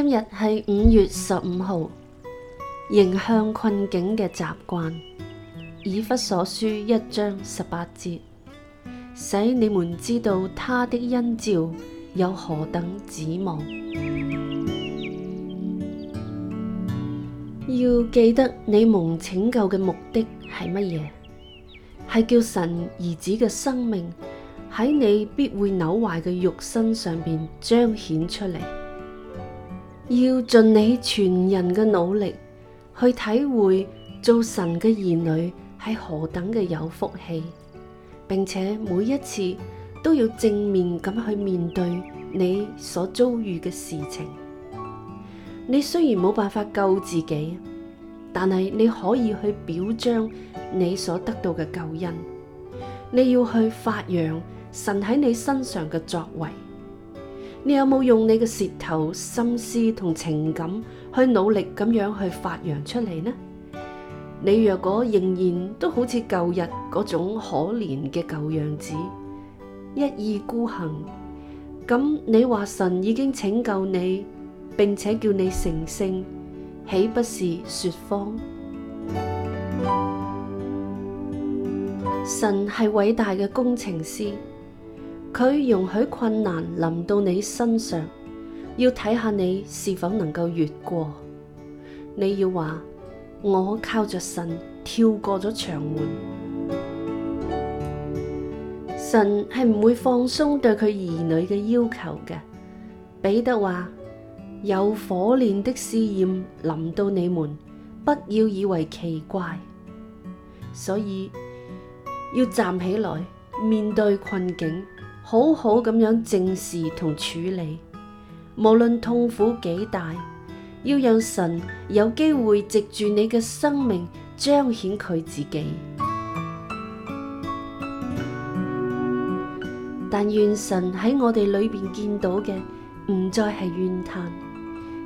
今日係五月十五號，迎向困境嘅習慣，以弗所書一章十八節，使你們知道他的恩召有何等指望。要記得，你們蒙拯救嘅目的係乜嘢？係叫神兒子嘅生命喺你必會扭壞嘅肉身上面彰顯出嚟。要盡你全人嘅努力去體會做神嘅兒女係何等嘅有福氣，並且每一次都要正面咁去面對你所遭遇嘅事情。你雖然冇辦法救自己，但係你可以去表彰你所得到嘅救恩。你要去發揚神喺你身上嘅作為。你有冇用你嘅舌頭、心思同情感去努力咁樣去發揚出嚟呢？你若果仍然都好似舊日嗰種可憐嘅舊樣子，一意孤行，咁你話神已經拯救你，並且叫你成聖，豈不是說謊？神係偉大嘅工程師。佢容許困難臨到你身上，要睇下你是否能夠越過。你要話我靠着神跳過咗牆門。神係唔會放鬆對佢兒女嘅要求嘅。彼得話：有火煉的試驗臨到你們，不要以為奇怪。所以要站起來面對困境。好好咁樣正視同處理，無論痛苦幾大，要讓神有機會藉住你嘅生命彰顯佢自己。但願神喺我哋裏邊見到嘅唔再係怨嘆，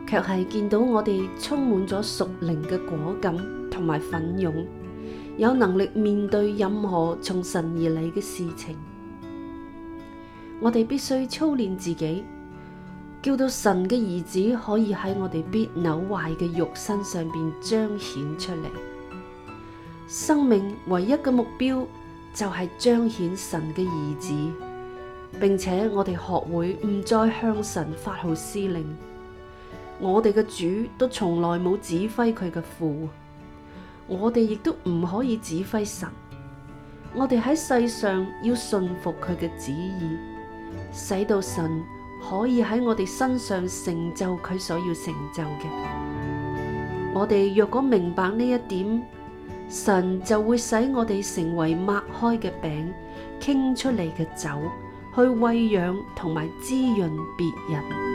卻係見到我哋充滿咗屬靈嘅果敢同埋奮勇，有能力面對任何從神而嚟嘅事情。我哋必須操練自己，叫到神嘅兒子可以喺我哋必朽壞嘅肉身上邊彰顯出嚟。生命唯一嘅目標就係彰顯神嘅兒子，並且我哋學會唔再向神發號施令。我哋嘅主都從來冇指揮佢嘅父，我哋亦都唔可以指揮神。我哋喺世上要信服佢嘅旨意。使到神可以喺我哋身上成就佢所要成就嘅，我哋若果明白呢一點，神就會使我哋成為擘開嘅餅，傾出嚟嘅酒，去餵養同埋滋潤別人。